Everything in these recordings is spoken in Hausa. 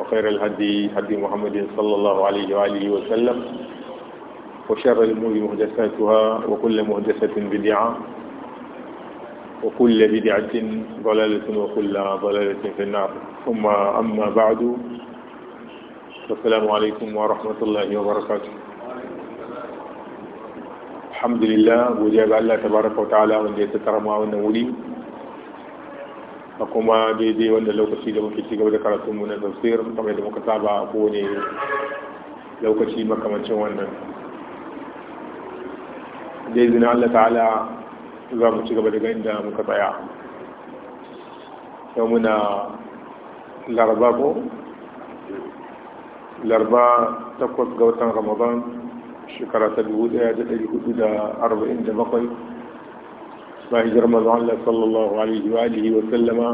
وخير الهدي هدي محمد صلى الله عليه وآله وسلم وشر الأمور محدثاتها وكل محدثة بدعة وكل بدعة ضلالة وكل ضلالة في النار ثم أما بعد السلام عليكم ورحمة الله وبركاته الحمد لله وجاب الله تبارك وتعالى وان يتترمى ونولي a kuma daidai wanda lokaci da muke cigaba da karatun mu na tafsir kamar da muka saba a kowane lokaci makamancin wannan da izinin Allah ta'ala za mu cigaba daga inda muka tsaya yau muna larba ko larba takwas ga watan ramadan shekara ta dubu daya da dari hudu da arba'in da bakwai ba hijar mazan Allah sallallahu alaihi wa alihi wa sallama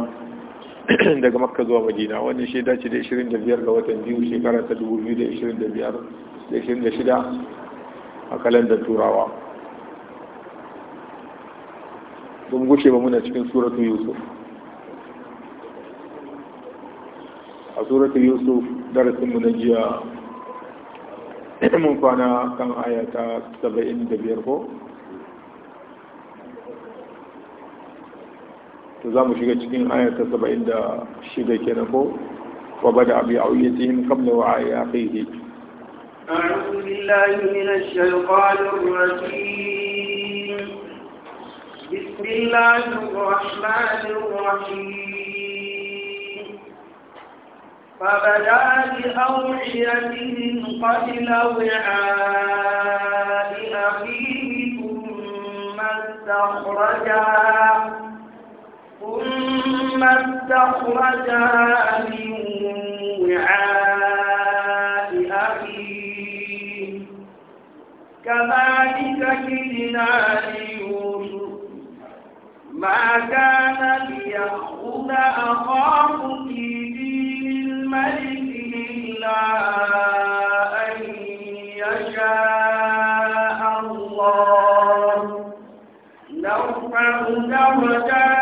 daga makka zuwa madina wannan shaida ce da 25 ga watan biyu shekara ta 2025 da 26 a kalandar turawa don gushe ba muna cikin suratun yusuf a suratun yusuf darasin mu na jiya mun kwana kan ayata 75 ko to za mu shiga cikin aya ta saba'in da shida ke ko wa ba da abu yawon yace yin kamla wa aya ya kai hiki فبدا بأوحيتهم قبل وعاء أخيه ثم استخرجا ثم استخرجها من وعاء أخيه كذلك كدنا ليوسف ما كان ليأخذ أخاه في دين الملك إلا أن يشاء الله درجات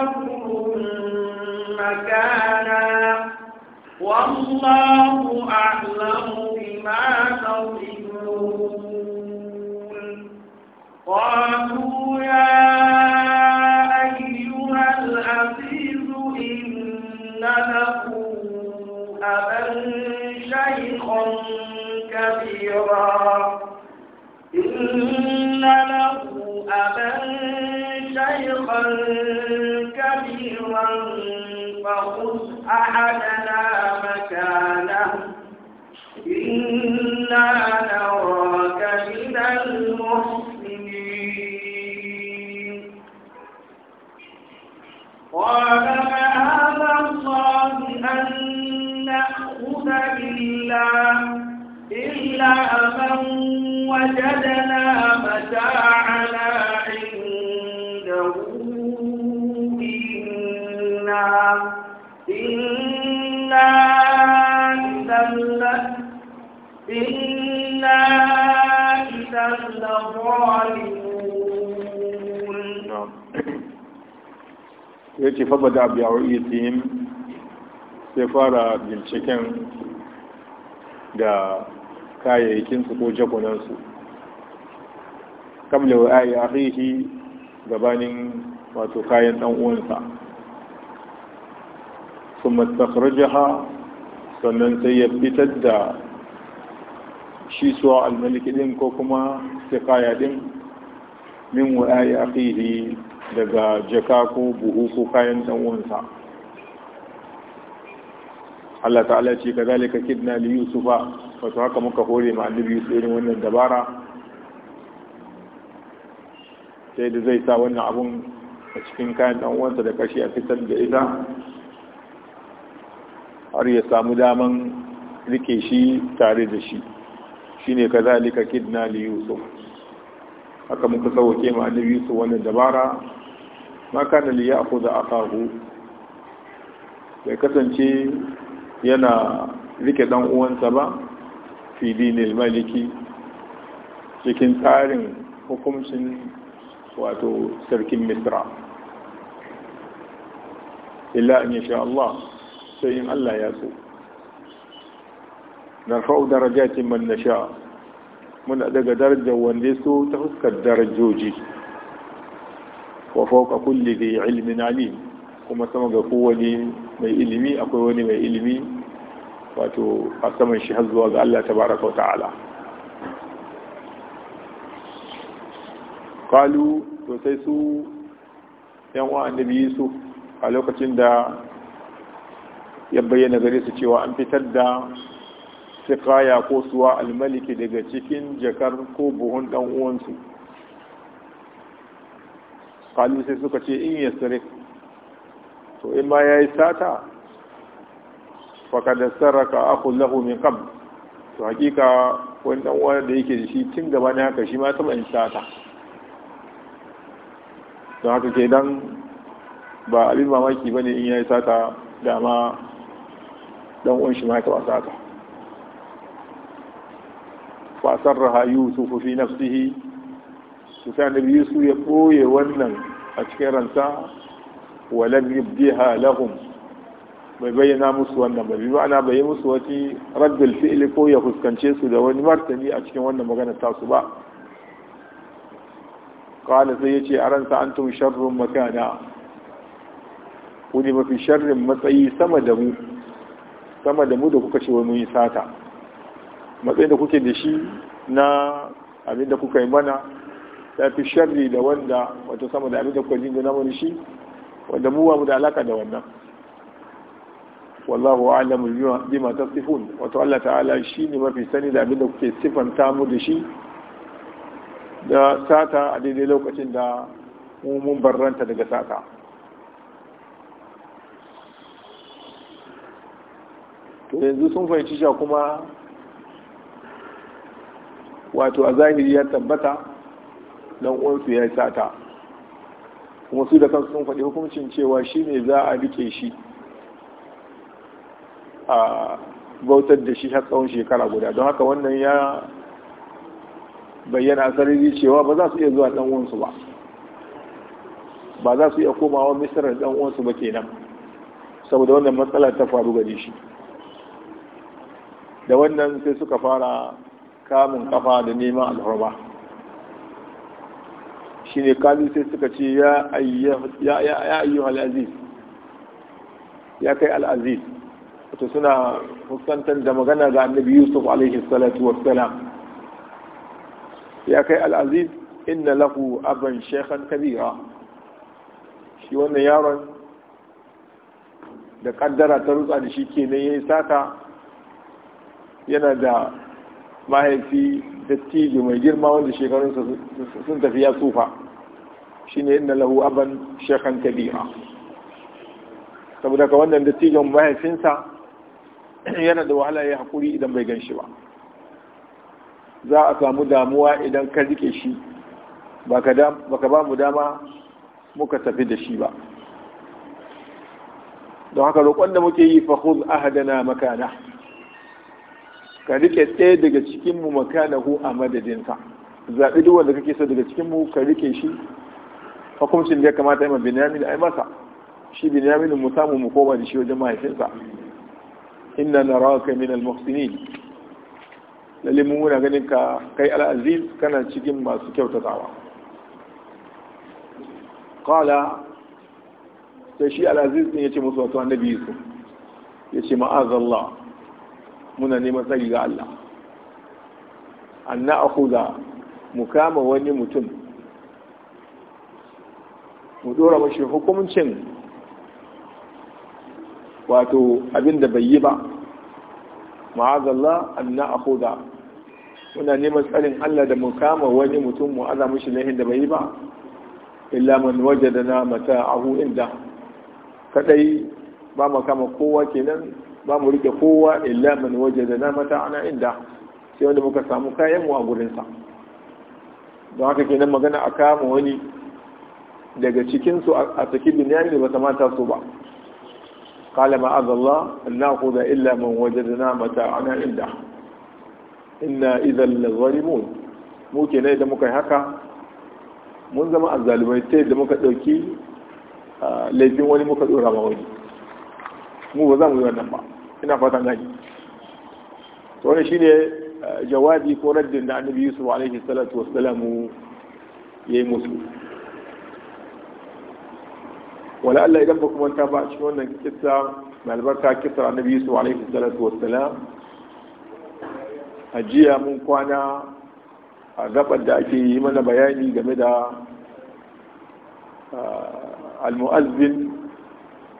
بعضهم مكانا والله أعلم بما تصفون قال معاذ الله أن نأخذ إلا من وجدنا متاعنا عنده إنا إنا إذا لظالمون ya ce faba da abiyawa isim sai fara binciken da kayayyakinsu ko jakunansu kamle wa ayi ahihi gabanin wato kayan dan uwansa sun mastakhrajaha sannan sai ya fitar da shi suwa almaliki din ko kuma sai kaya min wa ayi daga jaka ko buhu ko kayan ɗan'uwansa Allah ta'ala ce ka zalika kidna li yusufa wato haka muka hore ma annabi yusuf irin wannan dabara sai da zai sa wannan abun a cikin kayan ɗan'uwansa da kashi a fitar da ita har ya samu daman rike shi tare da shi shine ka zalika kidna li yusuf haka muka sauke ma annabi yusuf wannan dabara ma kana li ya'khudha akahu bai kasance yana rike dan uwansa ba fi dinil maliki cikin tsarin hukuncin wato sarkin misra illa in sha Allah sai in Allah ya so narfa'u darajatin man nasha muna daga darajar wanda so ta fuskar darajoji wa fawqa kulli dhi ilmin alim kuma sama ga kowane mai ilimi akwai wani mai ilimi wato a saman shi har zuwa ga Allah baraka wa ta'ala kalu to sai su yan uwa annabi su a lokacin da ya bayyana gare su cewa an fitar da sikaya ko suwa almaliki daga cikin jakar ko buhun dan uwansu kalu sai suka ce in ya sare to in ma ya yi sata fakadar saraka aku lahu min kam to hakika wani dan da yake da shi tun gaba ne haka shi ma taɓa yin sata to haka ke dan ba abin mamaki ba ne in ya yi sata dama dan uwan shi ma ya taɓa sata fasarraha yusufu fi nafsihi su sa nabi su ya ɓoye wannan a cikin ransa walam yubdiha lahum bai bayyana musu wannan ba biyu ana bayi musu wati raddul fi'li ko ya fuskance su da wani martani a cikin wannan magana ta su ba qala sai ya ce a ransa tun sharrun makana ku mafi sharrin matsayi sama da mu da kuka ce wa mun sata matsayin da kuke da shi na abinda kuka yi mana ta fi sharri da wanda wata sama da abin da jin gina wani shi wanda muwa mu da alaka da wannan wallahu a'lamu bima tasifun wato Allah ta'ala shi ne mafi sani da abin da kuke sifanta mu da shi da sata a daidai lokacin da mu mun barranta daga sata to yanzu sun fahimci cewa kuma wato a zahiri ya tabbata dan uwansu ya sata kuma su da kansu sun faɗi hukuncin cewa shi ne za a rike shi a bautar da shi har tsawon shekara guda don haka wannan ya bayyana a sarari cewa ba za su iya zuwa dan uwansu ba ba za su iya komawa misirar dan uwansu ba kenan saboda wannan matsala ta faru gare shi da wannan sai suka fara kamun kafa da neman alhurba shine kalu sai suka ce ya ayyu al'aziz ya kai al'aziz wato suna fuskantar da magana ga annabi yusuf alaihi wassalam ya kai al'aziz inna lahu Abin shekhan kabira shi wannan yaron da kaddara ta rutsa da shi kenan yi saka yana da mahaifi dattijo mai girma wanda shekarunsa sun tafiya ya tsufa shine inna lahu aban shekhan kabira saboda ka wannan dattijon mahaifinsa yana da wahala ya haƙuri idan bai gan shi ba za a samu damuwa idan ka rike shi ba ka ba mu dama muka tafi da shi ba don haka roƙon da muke yi fahud ahadana makana ka rike ɗaya daga cikin mu makanahu a madadinsa zaɓi duk wanda kake so daga cikin mu ka rike shi hukuncin da ya kamata yi ma binyamin ai masa shi binyamin mu samu mu koma da shi wajen mahaifinsa inna na min al-muhsinin lalle mun muna ganin ka kai al kana cikin masu kyautatawa qala sai shi al'azi aziz ya ce musu wato annabi yusuf yace ma'azallah muna neman tsari ga Allah an na akuza mu kama wani mutum mu dora mashi hukumcin wato abin da bai yi ba ma'azallah an na akuza muna neman tsarin Allah da mu kama wani mutum mu aza mashi lahin da bai yi ba illa man wajadana mata'ahu inda kadai ba mu kama kowa kenan ba mu rike kowa illa man wajada na mata ana inda sai wanda muka samu kayan mu a gurinsa don haka kenan magana a kama wani daga cikinsu a cikin duniya ne ba ta mata su ba قال معاذ الله أن نأخذ na mata ana inda inna idhal lazalimun Mu kenan da muka haka mun zama azalimai sai da muka ɗauki ah, laifin wani muka ɗora ma wani mu ba za mu yi wannan ba ina fatan gani to wannan shine eh, jawabi ko raddin da annabi yusuf alaihi salatu wassalamu yi musu wala Allah idan ba kuma ta ba cikin wannan kissa mai albarka kissar annabi yusuf alaihi salatu wassalam ajiya mun kwana a gabar da ake yi mana bayani game da eh, al-mu'azzin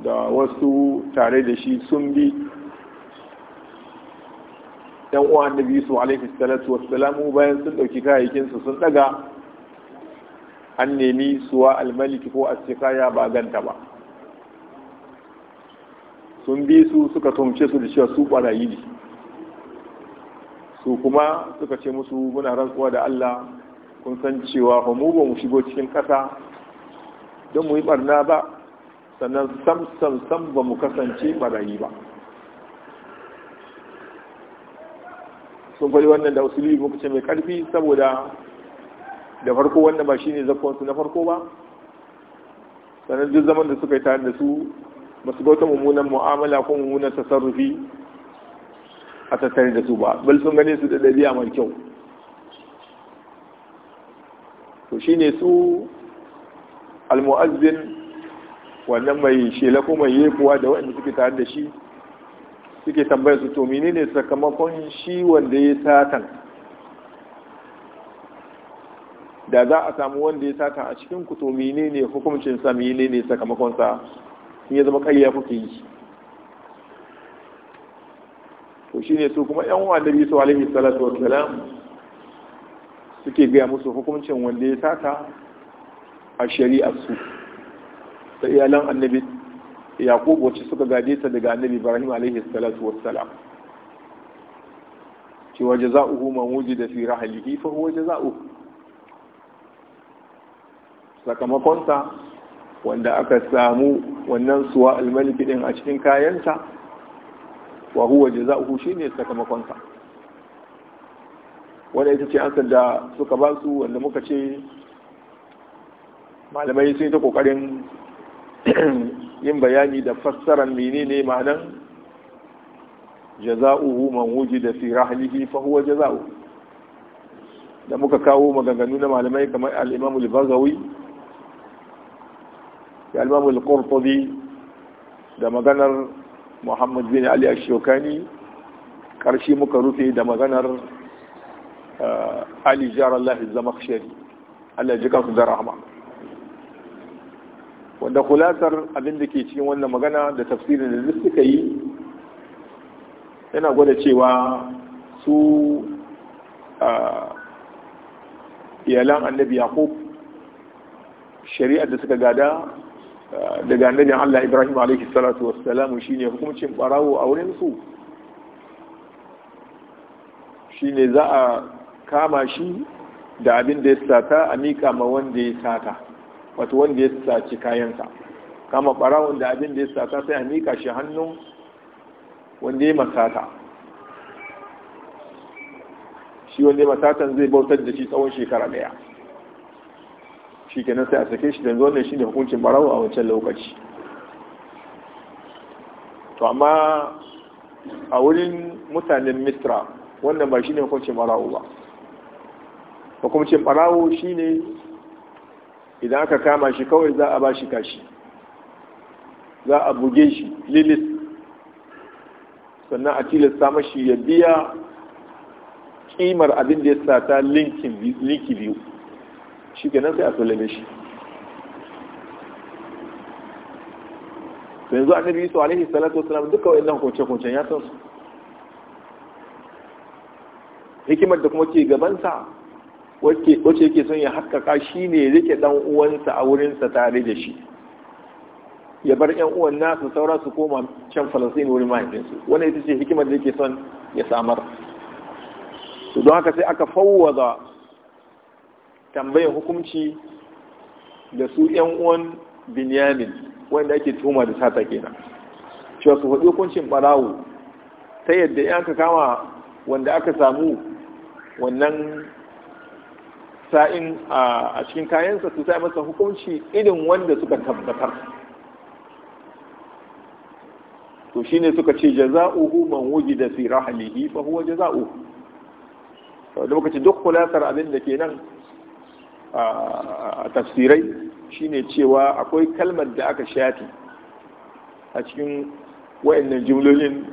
da wasu tare da shi sun bi yan uwa biyu su alaihi salatu salamu bayan sun ɗauki kayayyakin su sun ɗaga an nemi suwa almaliki ko asikaya ba ganta ba sun bi su suka tumce su da cewa su barayi ne su kuma suka ce musu muna rantsuwa da Allah kun san cewa mu ba mu shigo cikin ƙasa don mu yi barna ba sannan sam sam sam ba mu kasance barayi ba sun fari wannan da usuli muka ce mai karfi saboda da farko wannan ba shine zafonsu na farko ba sannan duk zaman da suka yi tare da su ba bauta mummunan mu'amala ko mummunan tasarrufi a tattare da su ba bal sun gane su da ɗabi'a mai kyau to shine su al-mu'azzin wannan mai shela ko mai yekuwa da waɗanda suke tare da shi suke tambayar su to ne sakamakon shi wanda ya satan da za a samu wanda ya satan a cikin ku to ne hukumcin sa ne sakamakon sa sun ya zama ƙarya kuke yi to ne su kuma yan uwa da bisu alaihi salatu wa salam suke gaya musu hukumcin wanda ya sata a shari'ar su da iyalan annabi yaqub wacce suka gade ta daga annabi ibrahim alaihi salatu wassalam wa jaza'uhu man wujida fi rahlihi fa huwa jaza'uhu sakamakonsa wanda aka samu wannan suwa almaliki din a cikin kayansa wa huwa jaza'uhu shine sakamakonta. wanda ita ce an da suka ba su wanda muka ce malamai sun yi ta kokarin yin bayani da fassarar menene ma'anan jaza'uhu man wujida fi rahlihi fa huwa jaza'u da muka kawo maganganu na malamai kamar al-Imam al-Bazawi da al-Imam al-Qurtubi da maganar Muhammad bin Ali Ashokani, shawkani karshe muka rufe da maganar uh, Ali Jarallah az-Zamakhshari Allah ya jika da rahama wanda kulatar abin da ke cikin wannan magana da tafsirin da zai suka yi yana gwada cewa su iyalan annabi yaqub shari'ar da suka gada daga annabin Allah Ibrahim alaihi salatu wassalamu shine hukuncin barawo a wurin su shine za a kama shi da abin da ya sata a mika ma wanda ya sata wato wanda ya saci kayansa kama ɓarawon da abin da ya sata sai a mika shi hannun wanda ya masata shi wanda ya masatan zai bautar da shi tsawon shekara daya shi kenan sai a sake shi da zuwa shi ne hukuncin barawo a wancan lokaci to amma a wurin mutanen mistra wannan ba shi ne hukuncin barawo ba hukuncin barawo shi ne idan aka kama shi kawai za a ba shi kashi za a buge shi lilis sannan a tilasta mashi ya biya kimar abin da ya sata linki biyu shi kenan sai a sallame shi to yanzu annabi yusuf alaihi salatu wasalam duka wa'annan kwace-kwacen ya san su hikimar da kuma ke gabanta wacce yake son ya haƙƙaƙa shi ne rike ɗan uwansa a wurinsa tare da shi ya bar ƴan uwan nasu saura su koma can ne wurin mahaifinsu Wani ita ce hikimar da yake son ya samar su don haka sai aka fawwaza tambayar hukunci da su ƴan uwan binyamin wanda ake tuma da sata kenan cewa su faɗi hukuncin ɓarawo ta yadda ya ka kama wanda aka samu wannan sa'in a cikin kayansa su masa hukunci irin wanda suka tabbatar to shi ne suka ce jaza'uhu man wujida fi rahlihi fa huwa jaza'uhu to lokacin duk kulasar abin da ke nan a tafsirai shine cewa akwai kalmar da aka shafi a cikin wayannan jimlolin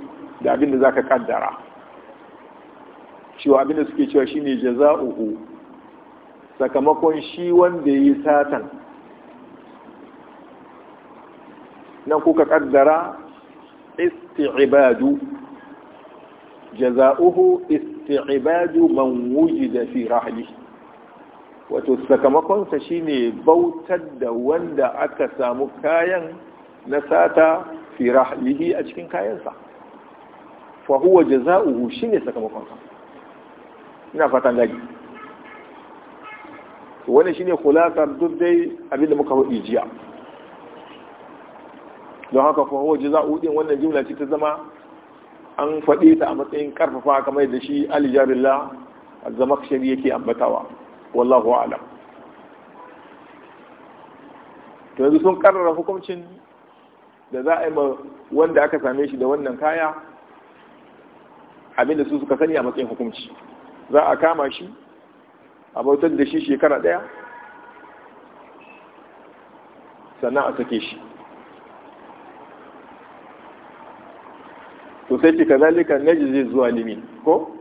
da abin da zaka kaddara cewa abin da suke cewa shine jaza'uhu sakamakon shi wanda yi satan nan kuka kaddara isti'ibadu jaza'uhu isti'ibadu man wujida fi rahli wato sakamakonsa shine bautar da wanda aka samu kayan na sata fi rahlihi a cikin kayansa fa huwa jaza'uhu shine sakamakonsa ina fatan gaji shi shine kulatar duk dai abinda muka faɗi jiya don haka waje za a din wannan jimla ce ta zama an faɗi ta a matsayin karfafa kamar da shi alijarilla a zama shari'a yake ambatawa wallahu a'lam to yanzu sun karrara hukuncin da za a yi ma wanda aka same shi da wannan kaya abinda su suka sani a matsayin hukunci za a kama shi a bautar da shi shekara ɗaya sannan a sake shi to sai ce zai zuwa limi ko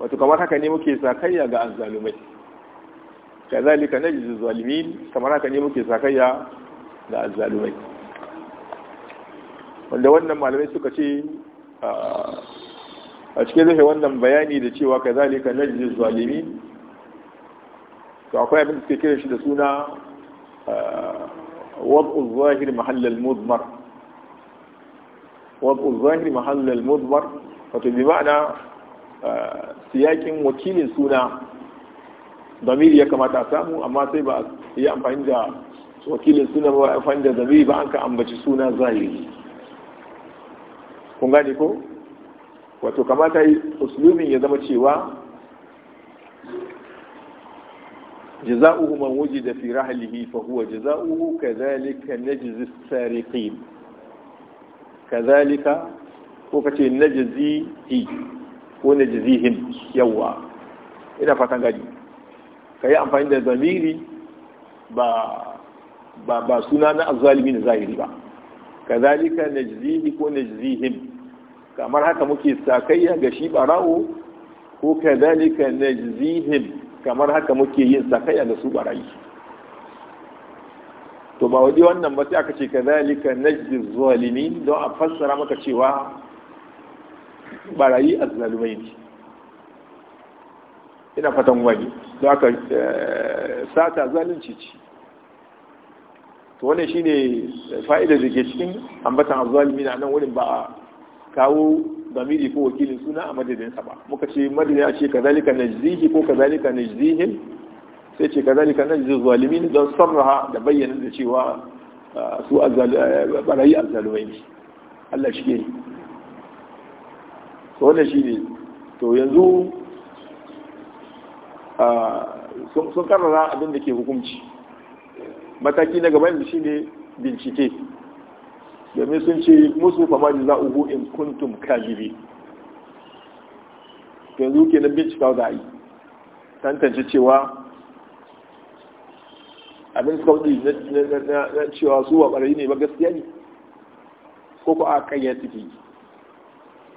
wato kamar haka ne muke sakayya ga azzalumai zai zuwa limi kamar haka ne muke sakayya ga azalumai. wanda wannan malamai suka ce a cikin zafi wannan bayani da cewa zai zuwa limi to akwai abin da suke kira shi da suna eh, wad'u zahir mahallal mudmar wad'u zahir mahallal mudmar wato bi ma'ana eh, siyakin wakilin suna damir ya kamata a samu amma sai ba yi amfani da wakilin suna ba amfani da zamiri ba an ka ambaci suna zahiri kun gane ko wato kamata yi usulumin ya zama cewa jaza'uhu man wujida fi rahlihi fa huwa jaza'uhu kadhalika najzi as-sariqin kadhalika ko kace najzihi ko najzihim yawa ina fatan gadi kai amfani da zamiri ba ba ba suna na azzalimi na zahiri ba kadhalika najzihi ko najzihim kamar haka muke sakayya ga shi barawo ko kadhalika najzihim kamar haka muke yin sakaya da su barayi to ba waje wannan ba sai aka ce kazalika najdi zalimi don a fassara maka cewa barayi azzalumai ne ina fatan wani don aka eh, sata zalunci ce to wannan shine fa'idar da ke cikin ambatan azzalumi na nan wurin ba a kawo zamiri ko wakilin suna a madadinsa ba muka ce madadin a ce kazalika zihi ko kazalika zihin sai ce kazalika najzi zalimin don sarraha da bayyana da cewa ah, su ah, barayi azzalumai ne Allah shi ne to wannan shi ne to yanzu ah, sun karara abin da ke hukunci mataki na gaban shi ne bincike domin sun ce musu fama da ugu in kuntum kajibi yanzu ke na bincika za yi tantance cewa abin saudi na cewa su wa ɓarayi ne ba gaskiya ne ko ku a kayyar tafi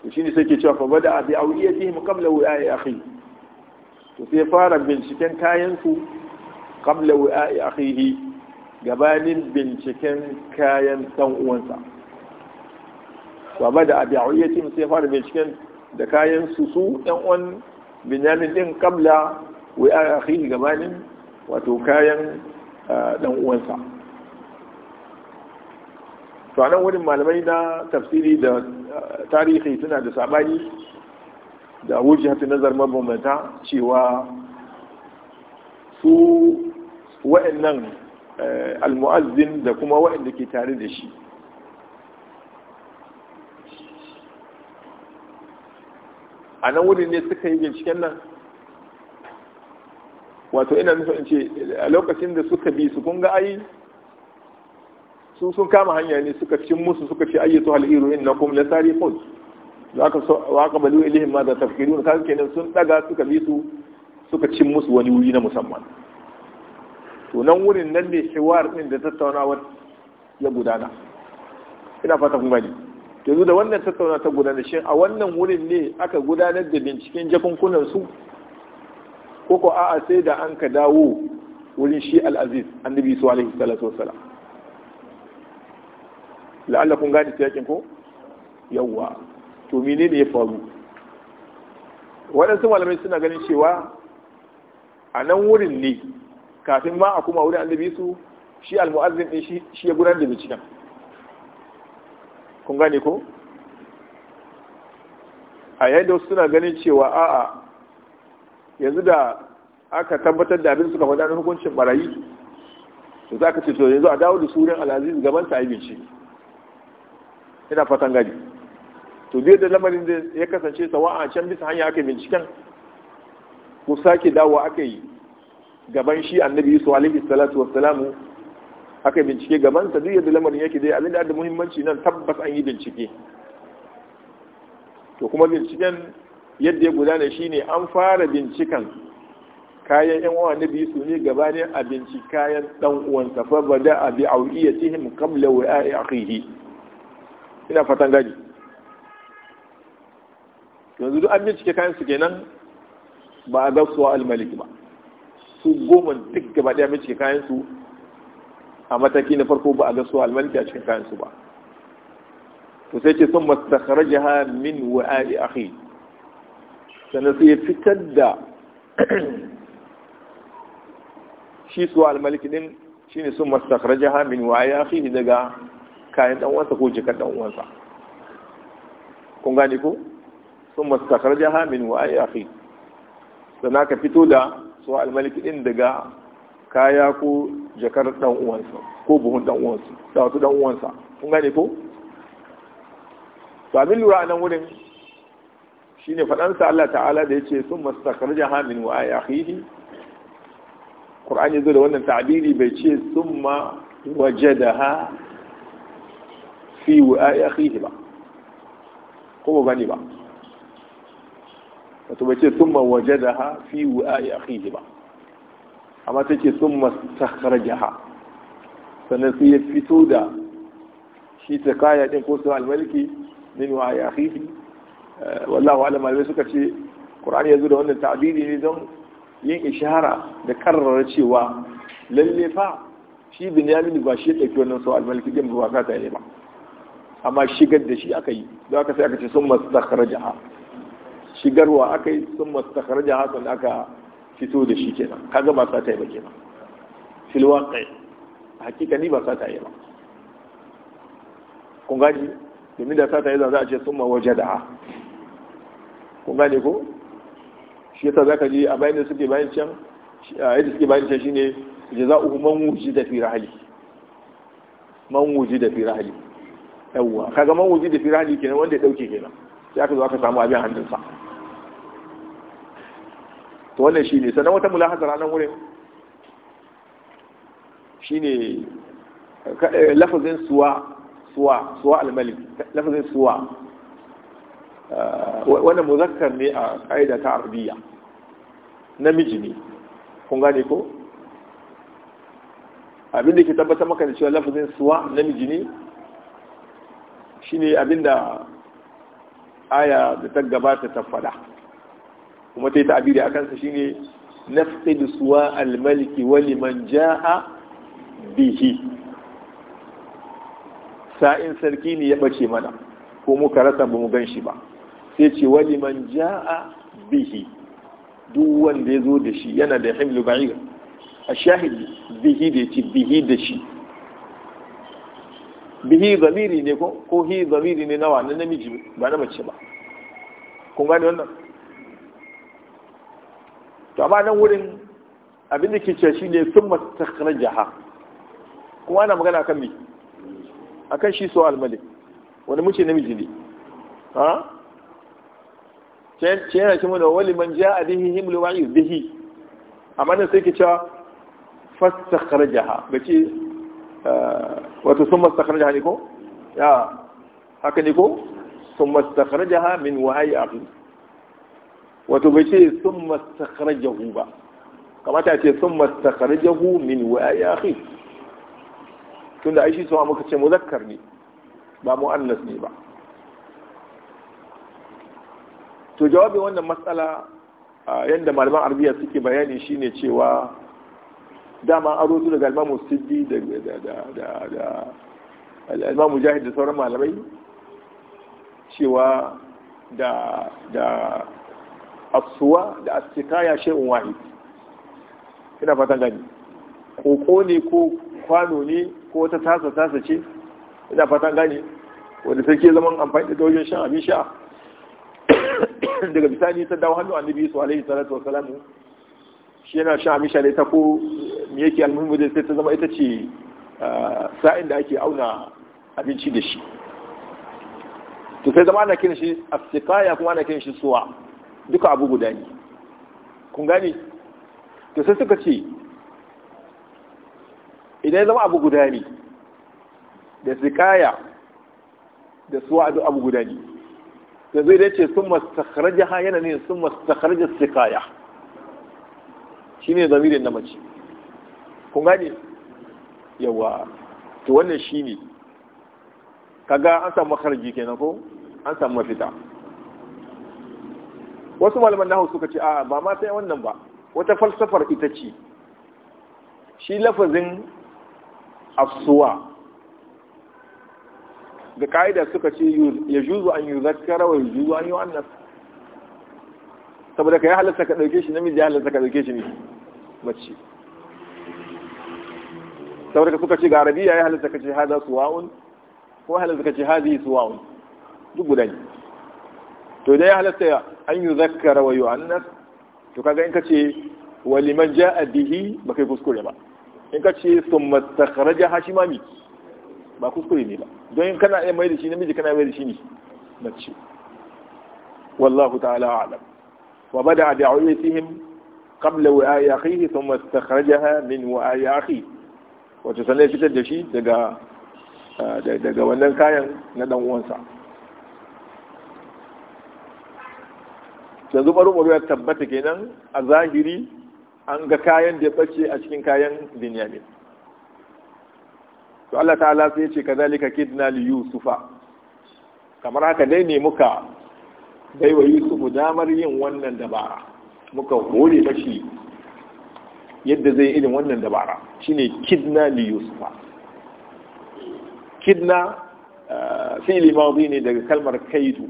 da shi ne sai ke cewa da bada a biya wuri ya fi mu kamla wuya ya yi to sai fara binciken kayansu kamla wuya ya yi. gabanin binciken kayan ɗan uwansa baba da abi'uyyatin sai fara binciken da kayan su su ɗan uwan binyamin din kabla wai a akhihi gabanin wato kayan ɗan uwansa to anan wurin malamai na tafsiri da tarihi suna da sabani da wujhatu nazar mabambanta cewa su wa'annan Eh, almu'azzin da kuma waɗanda ke tare da shi a nan wurin ne suka yi binciken nan wato ina nufin ce a lokacin da suka bi su kun ga ai su sun kama hanya ne suka cin musu suka ce ayyatu halhiru in lakum la Za ka so wa qabalu ilayhim ma da tafkirun kaga kenan sun daga suka bi su suka cin musu wani wuri na musamman to nan wurin nan ne war ɗin da tattaunawar ya gudana ina fata kun gani yanzu da wannan tattauna ta gudana shi a wannan wurin ne aka gudanar da binciken jakunkunan su ko ko a'a sai da an ka dawo wurin shi al-aziz annabi su alaihi salatu wassalam la'alla kun gani cikin ko yawwa to menene ya faru waɗansu malamai suna ganin cewa a nan wurin ne kafin ma a kuma wurin annabi su shi almu'azzin din shi ya gudanar da binciken kun gane ko a yayin da wasu suna ganin cewa a'a yanzu da aka tabbatar da abin suka faɗa na hukuncin barayi to za ka ce to yanzu a dawo da surin alaziz gaban ta yi bincike ina fatan gani to biyar da lamarin da ya kasance sawa a can bisa hanya aka binciken ko sake dawo aka yi gaban shi annabi yusuf alaihi salatu wassalamu aka bincike gaban sa duk yadda lamarin yake dai abinda da muhimmanci nan tabbas an yi bincike to kuma binciken yadda ya gudana shine an fara bincikan kayan yan uwa na biyu ne gabanin a binciki kayan dan sa fa bada bi awiyatihim qabla wa'i akhihi ina fatan gaji yanzu duk an bincike kayan su kenan ba a gafsuwa al-malik ba su goma duk gaba daya mai cikin kayan su a mataki na farko ba a ga su almanci a cikin kayan su ba to sai ce sun mastakharajaha min wa'i akhi sannan sai ya fitar da shi su almaliki din shine sun mastakharajaha min wa'i akhi daga kayan dan uwansa ko jikar dan uwansa kun gane ko sun mastakharajaha min wa'i akhi sannan ka fito da su almaliki din daga kaya ko jakar dan uwansa ko buhun dan uwansa da wato dan uwansa kun gane ko Ba min lura a nan wurin shine faɗansa Allah ta'ala da yace sun mastakhrajaha min wa akhihi Qur'an ya zo da wannan ta'abiri bai ce summa wajadaha fi wa akhihi ba ko ba gani ba wato ma ce da ha fi a akhihi ba amma ta ce karge ha sannan su ya fito da shi ta kaya ɗin ko su almalki min wa'i akhihi eh, wallahu alam alai suka ce ya zo da wannan ta'biri ne don yin ishara da karrara cewa lalle fa shi binyamin ba shi ya ɗauki wannan sau almalki ɗin ba ka ta ne ba amma shigar da shi aka yi don aka sai aka ce sun ta karge ha shigarwa aka yi sun mastakar da hasan aka fito da shi kenan kaga ba sa ta yi ba kenan filwa kai hakika ni ba sa ta yi ba kun gaji domin da sa ta yi za a ce sun ma waje da kun gane ko shi yasa zaka ji a bayan da suke bayan can a yadda suke bayan can shine jaza'uhu man da fi rahli man da fi rahli yawwa kaga man da fi rahli kenan wanda ya dauke kenan sai aka zo aka samu abin hannunsa to wannan shi ne sannan wata mulahazar a nan wurin shi ne eh, lafazin suwa suwa suwa almali lafazin suwa eh, wannan muzakkar ne a ƙa'ida ta arabiya namiji ne kun gane ko abinda ke tabbatar maka da cewa lafazin suwa namiji ne shi ne abinda aya da ta gabata ta fada kuma ta yi ta'abiri a kansa shine nafqid suwa al wani wa ja a bihi sa'in sarki ne ya ɓace mana ko muka rasa ba mu gan shi ba sai ce wani man ja a bihi duk wanda ya zo da shi yana da himlu ba'ir a shahidi bihi da ci bihi da shi bihi zamiri ne ko hi zamiri ne nawa na namiji ba na mace ba kun gane wannan to amma nan wurin abin da ke ce shi ne sun matakarar jaha kuma ana magana akan mi kan shi so almalik wani muke namiji ne ha ce yana ce mana wali man ja a dihi himlu wa yuzihi amma nan sai ke cewa fasakarar jaha ba ce eh, wato sun matakarar jaha ne ko ya haka ne ko sun matakarar jaha min wa'i abu wato bai ce sun jahu ba kamata ce sun jahu min waya fi tunda ai shi sun muka ce muzakkar ne ba muannas ne ba to jawabin wannan matsala yadda malaman arziki suke bayani ne cewa dama an rotu daga almamu siddi da almamu jahid da sauran malamai cewa da asuwa da astikaya shay'un wahid ina fatan gani koko ne ko kwano ne ko wata tasa tasa ce ina fatan gani wanda sarki zaman amfani da wajen shan abin sha daga bisani ta dawo hannu annabi su alaihi salatu wa salamu shi yana shan abin sha da ita ko me yake almuhimmi da sai ta zama ita ce ah, sa'in da ake auna abinci da shi to sai zama ana kiran shi asqaya kuma ana kiran shi suwa duka abu guda ne kun gane to sai suka ce idan zama abu guda ne da zikaya da suwa duk abu guda ne da zai dace sun mastakharaja ha yana ne sun mastakharaja sikaya shine zamirin na mace kun gane yawa to wannan shi ne kaga an samu makaraji kenan ko an samu mafita wasu malaman nahu suka ce a ba ma sai wannan ba wata falsafar ita ce shi lafazin afsuwa da ka'ida suka ce ya juzu an yi zakara wa ya juzu an yi wannan saboda ka yi halatta ka ɗauke shi namiji ya halatta ka ɗauke shi ne mace saboda ka suka ce ga arabiya ya halatta ka ce haza suwa'un ko halatta ka ce hazi suwa'un duk guda ne to da ya halatta an yi zakkara wa yohannas to kaga in ka ce waliman ja a bihi ba kai kuskure ba in ka ce sun mastakharaja hashimami ba kuskure ne ba don in kana iya mai da shi namiji kana mai da shi ne mace wallahu ta'ala a'lam wa sihin bada'a bi'awiyatihim ya wa'i sun thumma istakhrajaha min ya akhihi wato sanai fitar da shi eh, daga wannan kayan na dan uwansa yanzu baro ya tabbata kenan a zahiri an ga kayan da ya bace a cikin kayan binyamin to Allah ta'ala sai ya ce kazalika kidna li yusufa kamar haka dai ne muka baiwa yusufu damar yin wannan dabara muka hore mashi yadda zai irin wannan dabara shine kidna li yusufa kidna eh, fi'li madi ne daga kalmar kaidu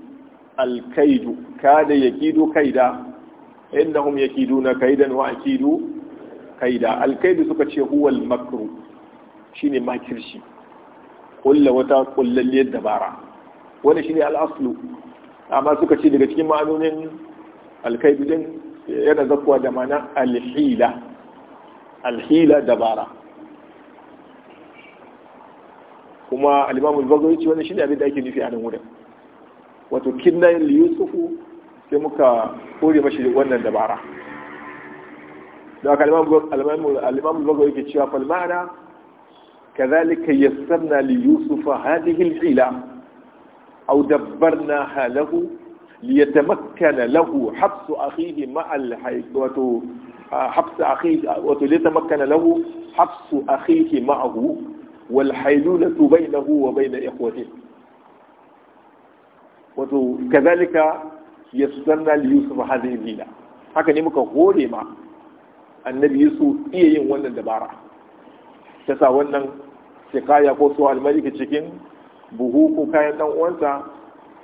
alkaidu kada yakidu kaida innahum yakiduna kaidan wa akidu kaida alkaidu suka ce huwal makru shine makirshi kulla wata kullalliyar dabara wani shine aslu amma suka ce daga cikin ma'anonin alkaidu din yana zakwa da mana alhila alhila dabara kuma alimamu bagawai ce wani shine abin da ake nufi a nan wurin wato kinnayin liyusufu sai muka kore mashi wannan dabara da aka alimamu bago yake cewa falmana kazalika yassarna li yusufa hadhihi al-hila aw dabbarnaha lahu liyatamakkana lahu habsu akhihi ma'a al-hayy wato habsu akhihi wato liyatamakkana lahu habsu akhihi ma'ahu والحيلولة بينه وبين إخوته wato kazalika ya sanna li yusuf hadin hila haka ne muka hore ma annabi yusuf iya yin wannan dabara ta sa wannan shekaya ko su almaliki cikin buhu ko kayan dan uwansa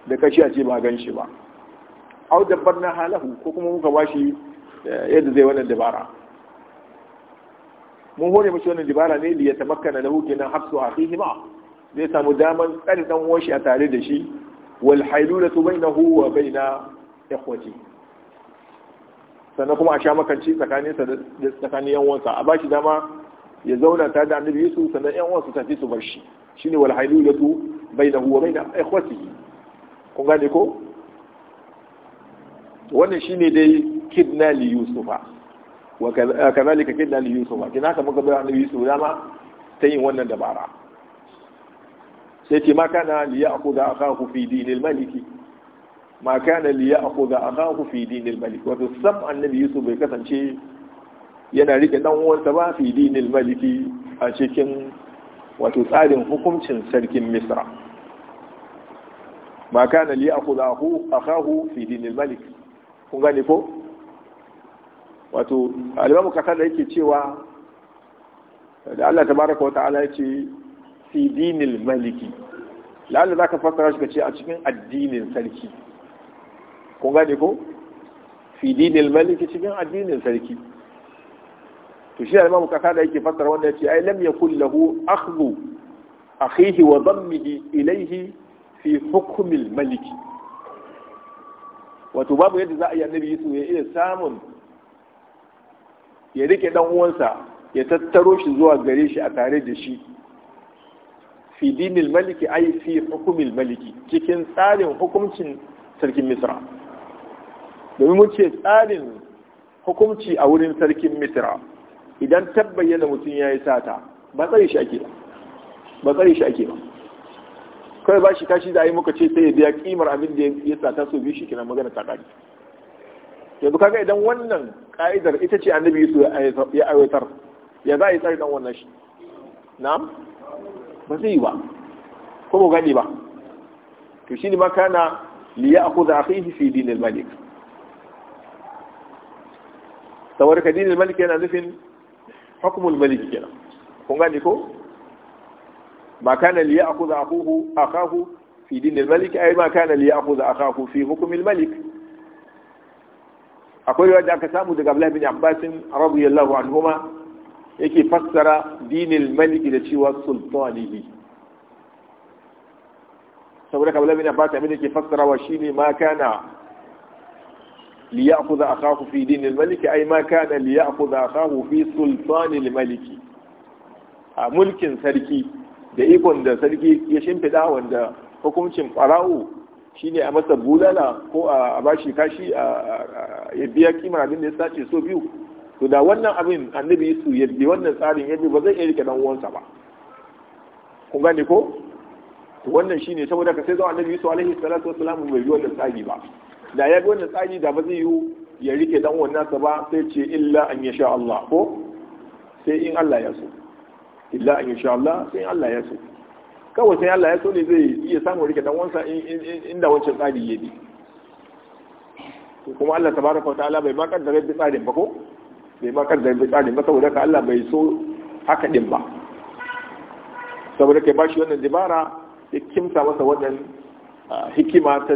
da kashi a ce ba gan shi ba au dabbar na halahu ko kuma muka bashi eh, yadda zai wannan dabara mun hore mashi wannan dabara ne da ya tamakana lahu kenan hafsu a fihima zai samu damar tsari dan uwan shi a tare da shi bai na huwa bai na ikhwati sannan kuma a sha makanci tsakanin yawonsa da tsakanin shi a bashi dama ya zauna ta da annabi Yusuf sannan yawonsa ta tafi su bar shi shine bai na huwa bai na ikhwatihi kun gane ko wannan ne dai kidnali yusufa wa kadhalika kidna li yusufa kina ka muka bayar annabi Yusuf dama ta yin wannan dabara sai ce ma kana liya li ya'khudha akahu fi dinil maliki ma kana liya li ya'khudha akahu fi dinil maliki wato sam annabi yusuf bai kasance yana rike dan uwansa ba fi dinil maliki a cikin wato tsarin hukuncin sarkin misra ma kana liya da ya'khudha akahu fi dinil maliki kun gane ko wato alimamu kasar da yake cewa da Allah tabaraka wa ta'ala ya ce fi dinil maliki lalle zaka fasara shi kace a cikin addinin sarki kun gane ko fi dinil maliki cikin addinin sarki to shi al-imam da yake fassara wanda yace ai lam yakul lahu akhdhu akhihi wa dammihi ilayhi fi hukmil maliki wato babu yadda za a yi annabi yusuf ya iya samun ya rike dan uwansa ya tattaro shi zuwa gare shi a tare da shi fi dinil maliki ay fi hukumil maliki cikin tsarin hukuncin sarkin misra domin mun ce tsarin hukunci a wurin sarkin misra idan tabbayyana mutum ya yi sata ba tsari shi ake ba ba tsari shi ake ba kawai ba shi tashi da yi muka ce sai ya biya kimar abin da ya sata so biyu shi kina magana ta ɗari yanzu kaga idan wannan ka'idar ita ce annabi yusuf ya aiwatar ya za a yi tsari dan wannan shi na'am ba zai yi ba ko ba gani ba to shi ne ma kana li ya'khudha akhihi fi dinil malik ka dinil malik yana nufin hukumul malik kenan kun gane ko ma kana li ya'khudha akhuhu akahu fi dinil malik ai ma kana li ya'khudha akahu fi hukumil malik akwai wanda aka samu daga Abdullahi bin Abbas radiyallahu anhuma yake fassara dinil maliki da cewa sultanihi saboda kabila bin abbas abin da yake fassarawa shine ma kana li ya'khudha akahu fi dinil maliki ai ma kana li ya'khudha akahu fi sultanil maliki a mulkin sarki da ikon da sarki ya shimfida wanda hukuncin farao shine a masa bulala ko a bashi kashi a biya kimar abin da ya sace so biyu to da wannan abin annabi Yusuf ya bi wannan tsarin ya bi ba zai iya rike dan uwansa ba kun gane ko to wannan shine saboda ka sai zo annabi Yusuf alaihi salatu wassalam bai yi wannan tsari ba da ya bi wannan tsari da ba zai yi ya rike dan uwan sa ba sai ce illa an yasha Allah ko sai in Allah ya so illa an yasha Allah sai in Allah ya so kawai sai Allah ya so ne zai iya samun rike dan in inda wancan tsari ya bi kuma Allah tabaraka wa ta'ala bai ma kaddare da tsarin ba ko mai ma karda bai tsari ba saboda ka Allah bai so haka ɗin ba saboda kai bashi wannan dabara ya kimsa masa wannan hikima ta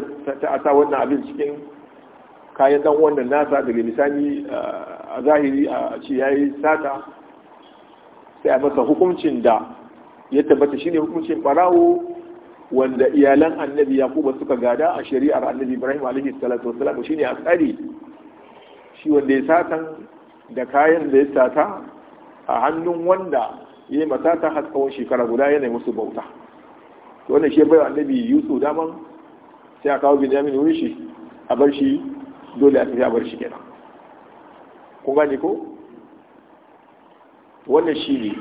asa wannan abin cikin kayan dan wannan nasa daga misali a zahiri a ciyayi yayi sata sai a masa hukuncin da ya tabbata shine hukuncin barawo wanda iyalan annabi yakuba suka gada a shari'ar annabi ibrahim alaihi salatu wasalam shine a tsari shi wanda ya satan da kayan da ya sata a hannun wanda ya yi matata har tsawon shekara guda yanayi musu bauta wannan shi bai annabi yusuf daman sai a kawo binyamin wurin shi a bar shi dole a tafi a bar shi kenan kun gane ko wannan shi ne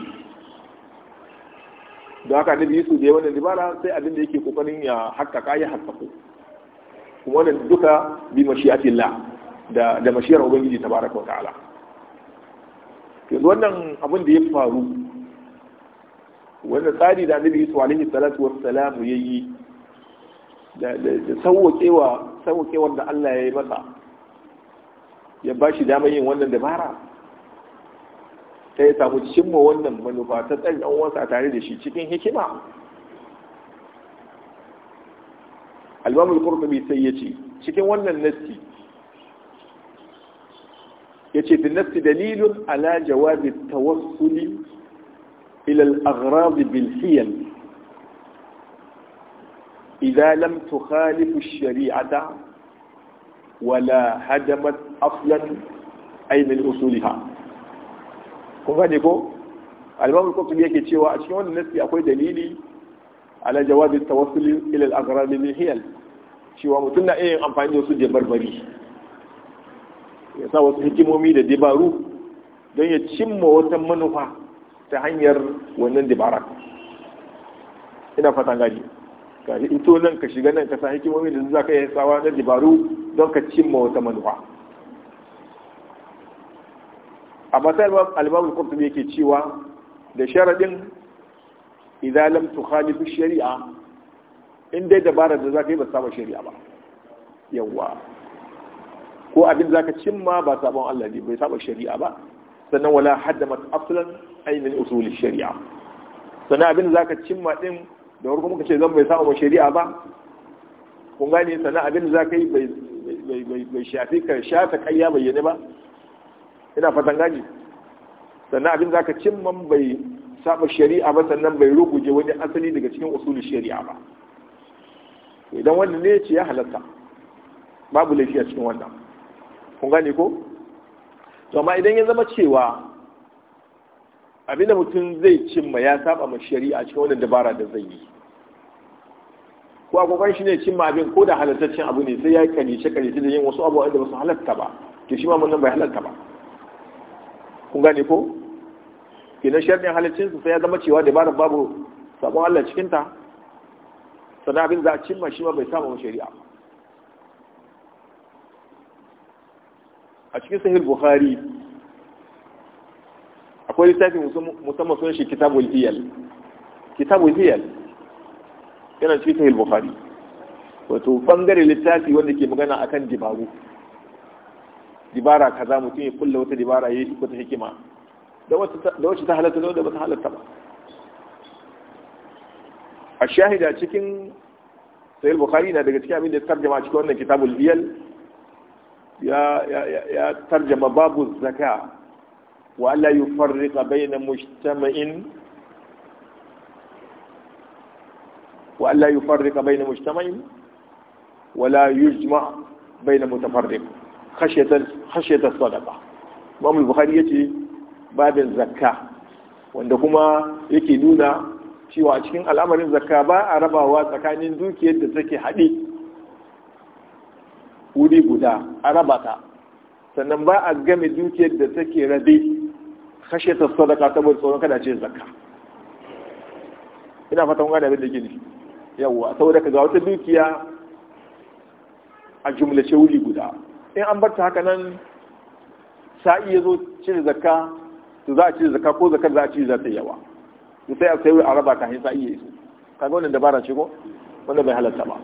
da haka annabi yusuf da ya wannan dibara sai abin da yake kokarin ya haƙƙaƙa ya haskako, kuma wannan duka bi mashi'atillah da da mashiyar ubangiji tabaraka wa ta'ala yanzu wannan abin da ya faru wanda tsari da annabi Yusuf alaihi salatu ya yi, da sauwakewa sauwakewar da Allah ya yi masa ya ba shi damar yin wannan dabara sai ya samu cimma wannan manufa ta tsarin uwansa tare da shi cikin hikima albamul imam sai ya ce cikin wannan nasti. yace fi nafsi dalilun ala jawabi tawassuli ila al-aghrad bil hiyal idza lam tukhalif ash-shari'ata wala hadamat aflan ay min usuliha ko gane ko al-imam yake cewa a cikin wannan nafsi akwai dalili ala jawabi tawassuli ila al-aghrad bil hiyal cewa mutum na iya amfani da su je barbari ya sa wasu hikimomi da dabaru don ya cimma wata manufa ta hanyar wannan dabara ina fatan gani ka yi ito nan ka shiga nan ka sa hikimomi da za ka yi sawa na dabaru don ka cimma wata manufa a matsayin albabu kwamfam yake cewa da sharaɗin idalam lam tukhalifu shari'a in dai dabarar da za ka yi ba saba shari'a ba yawwa ko abin zaka cimma ba sabon Allah ne bai saba shari'a ba sannan wala haddamat aslan ay min usul shari'a sannan abin zaka cimma din da wurin muka ce zan bai saba shari'a ba kun gane sannan abin zaka yi bai bai shafi ka shafa kayya bayyane ba ina fatan gani sannan abin zaka cimma bai saba shari'a ba sannan bai ruguje wani asali daga cikin usul shari'a ba idan wannan ne ya ce ya halatta babu laifi a cikin wannan kun gane ko to amma idan ya zama cewa abinda mutum zai cimma ya saba ma shari'a cikin wannan dabara da zai yi ko akwai shi ne cimma abin ko da halattaccen abu ne sai ya kalice kalice da yin wasu abubuwa da ba su halatta ba to shi ma mun bai halatta ba kun gane ko idan sharɗin halaccin su sai ya zama cewa dabara babu sabon Allah cikinta sannan abin za a cimma shi ma bai saba ma shari'a ba a cikin sahih bukhari akwai littafi musamman sunan shi kitabul iyal kitabul iyal yana cikin sahih bukhari wato bangare littafi wanda ke magana akan dibaru dibara kaza mutum ya kulla wata dibara ya yi wata hikima da wacce ta halatta da wata halatta ba a shahida cikin sahih bukhari na daga cikin abin da ya tarjama cikin wannan kitabul iyal ya tarjama babu zaka wa Allah yi farrika bayyana mujtama'in wa Allah yi farrika bayyana mujtama'in wala yujma bayyana mutafarrik khashiyatar sadaka Imam Bukhari yace babin zakka wanda kuma yake nuna cewa cikin al'amarin zakka ba a rabawa tsakanin dukiyar da take haɗe wuri guda a raba ta sannan ba a game dukiyar da take rabe kashe ta sadaka bai tsoron kada ce zakka ina fatan gane abin da ke nufi yawwa saboda ka ga wata dukiya a jumlace wuri guda in an barta haka nan sa'i ya zo cire zakka to za a cire zakka ko zakar za a cire za ta yawa to sai a sai a raba hin sa'i ya iso kaga wannan dabara ce ko wanda bai halatta ba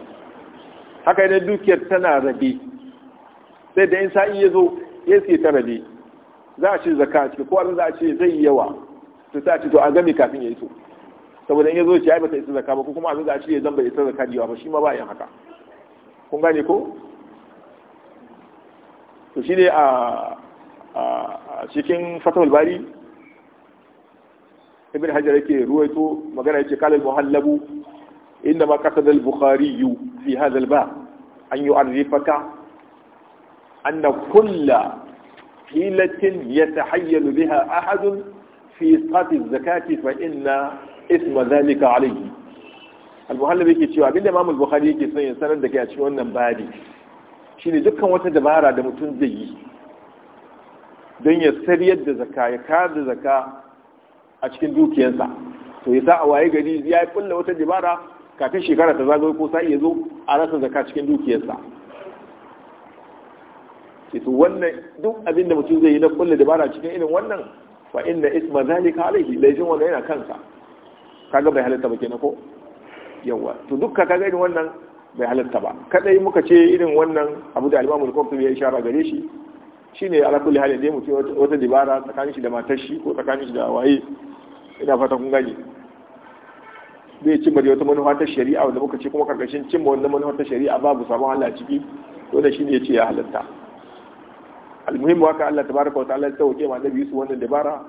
haka idan dukiyar tana rabe sai da in sa'i ya zo ya ce ta rabe za a ce zaka a ciki ko abin za a ce zai yawa to sai a ce to an gami kafin ya yi so saboda in ya zo ce yi bata isa zaka ba ko kuma a za a ce ya zamba isa zaka diwa ba shi ma ba yin haka kun gane ko to shi ne a cikin fatahul bari ibn hajar yake ruwaito magana yake kalal muhallabu إنما قصد البخاري في هذا الباب أن يعرفك أن كل حيلة يتحيل بها أحد في إسقاط الزكاة فإن إثم ذلك عليه almuhallab yake cewa abinda imamul bukhari yake son ya sanar da kai a cikin wannan bari. shine dukkan wata dabara da mutum zai yi don ya sariyar da zaka ya kada zaka a cikin dukiyarsa to ya sa a waye gari ya kulla wata dabara kafin shekara ta zagaye ko sa'i ya zo a rasa zaka cikin dukiyarsa to wannan duk abin da mutum zai yi na kulle dabara cikin irin wannan fa inna isma zalika alaihi laifin wanda yana kansa kaga bai halatta ba kenan ko yawa to dukka kaga irin wannan bai halatta ba kadai muka ce irin wannan abu da al-Imam al-Qurtubi ya ishara gare shi shine ala kulli da dai mutum wata dabara tsakanin shi da matar shi ko tsakanin shi da waye ina fata kun gani zai cimma wata manufa ta shari'a wanda muka ce kuma karkashin ma wannan manufa ta shari'a babu sabon Allah ciki wanda shine yace ya halatta almuhimmu haka Allah tabaraka wa ta'ala ya sauke ma nabi Yusuf wannan dabara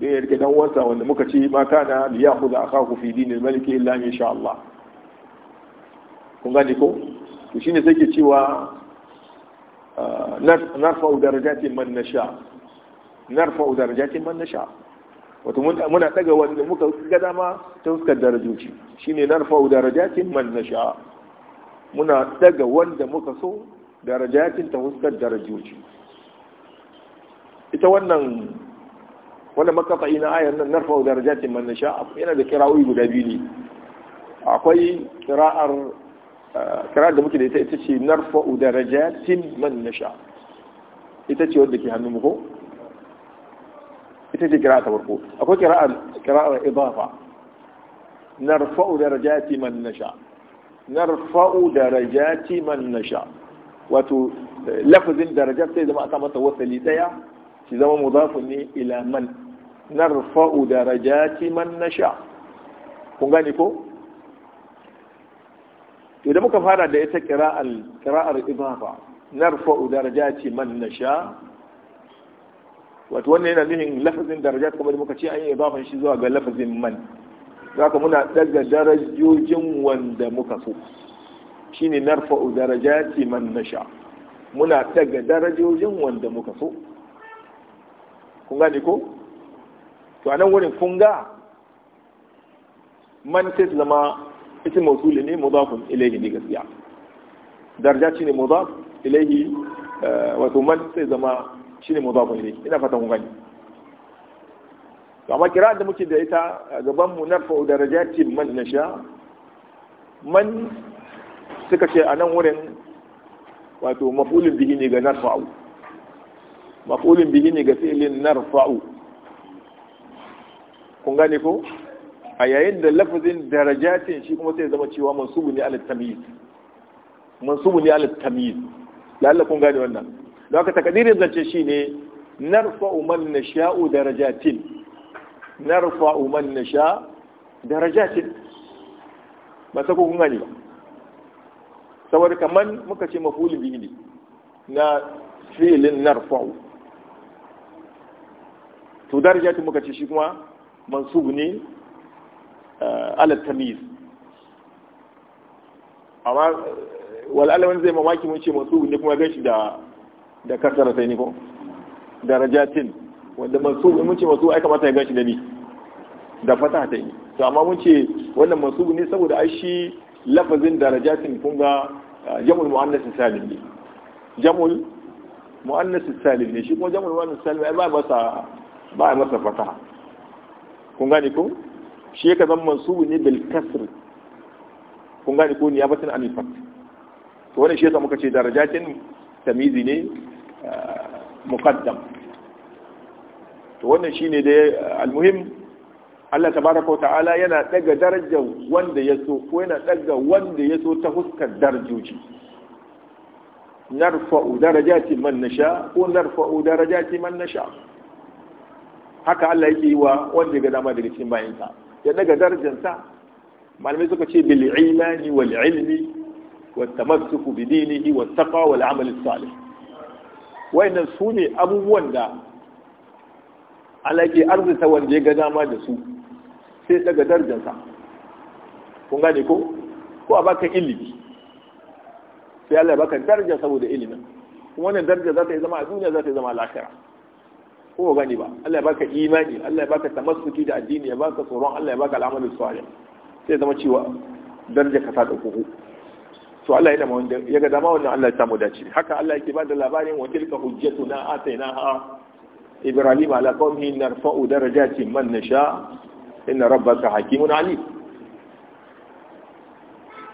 da ya rike dan wasa wanda muka ce ma kana li ya'khudha akahu fi dinil malik illa in sha Allah kun gane ko to shine sai ke cewa ah, narfa'u darajatin man nasha narfa'u darajatin man nasha' wato muna daga wanda muka ga dama ta fuskar ne shine narfa'u darajatin man na sha. muna daga wanda muka so darajatin ta fuskar darajoci. ita wannan wannan makafai na ayar nan narfa'u darajatin man nasha yana da kira'o'i guda biyu ne akwai kira'ar eh, kira'ar da muke da ita ita ce narfa'u darajatin man nasha ita ce wanda ke hannun mu ko تجي قراءة مرفوع أقول قراءة قراءة إضافة نرفع درجات من نشاء نرفع درجات من نشاء وتو لفظ درجات تيجي ما أتم توصل لي مضاف إلى من نرفع درجات من نشاء كون إذا ممكن هذا ده قراءة قراءة إضافة نرفع درجات من نشاء wato wannan yana nufin lafazin kuma kamar muka ce an yi idafan shi zuwa ga lafazin man za ka muna daga darajojin wanda muka so shi ne shine daraja ce man nasha muna daga darajojin wanda muka so kun gane ko to anan wurin kun ga man sai zama ita mausuli ne mudafun ilaihi ne gaskiya daraja ne mudaf ilaihi eh, wato man sai zama shine mudafun ne? ina fatan kun gani amma kira da muke da ita a gaban mu narfa darajatin man nasha man suka ce a nan wurin wato maf'ulin bihi ne ga narfa'u maf'ulin bihi ne ga fi'lin narfa'u kun gane ko a yayin da lafazin darajatin shi kuma sai zama cewa mansubu ne al tamyiz mansubu ne al tamyiz lalle kun gane wannan da haka takadirin zance shine narfa'u man nasha'u darajatin umar man sha darajatin ba sa kun gani ba saboda kamar muka ce mafuli biyu ne na filin narfa to darajatin muka ce shi kuma masu ne eh, ala tamiz amma eh, wal zai mamaki mun ce masu ne kuma gashi da da kasar sai ni ko darajatin wanda ne mun ce masu ai kamata ya gashi da ni da fata ta yi to amma mun ce wannan masu ne saboda ai shi lafazin darajatin kun ga ah, jam'ul muannas salim ne jam'ul muannas salim ne shi kuma jam'ul muannas salim ai ba masa ba masa fataha kun gane ko shi yake zama masu ne bil kasr kun gane ko ni ya batin alifat to wannan shi yasa muka ce darajatin tamizi ne muqaddam to wannan shine da eh, almuhim Allah tabaraka wa ta'ala yana daga darajar wanda ya so ko yana daga wanda ya so ta huskar darajoji narfa'u darajati man nasha ko narfa'u darajati man nasha haka Allah yake yi wa wanda ga dama daga cikin sa. ya daga sa malamai suka ce bil imani wal ilmi wat tamassuku bi dinihi wat taqwa wal amali salih wayannan su ne abubuwan da alaƙi arzita wanda ya ga dama da su sai daga darjansa kun gane ko ko a baka ilimi sai Allah ya baka darja saboda ilimin kuma wannan darja za ta yi zama a duniya za ta yi zama a lahira ko ba gani ba Allah ya baka imani Allah ya baka tamassuki da addini ya baka tsoron Allah ya baka al'amalin salih sai zama cewa darja ka ta dauko so Allah ya dama wanda ya ga dama wannan Allah ya samu dace haka Allah yake bada labarin wa tilka hujjatuna atainaha ibrahim ala qaumihi narfa'u darajati man nasha inna rabbaka hakimun alim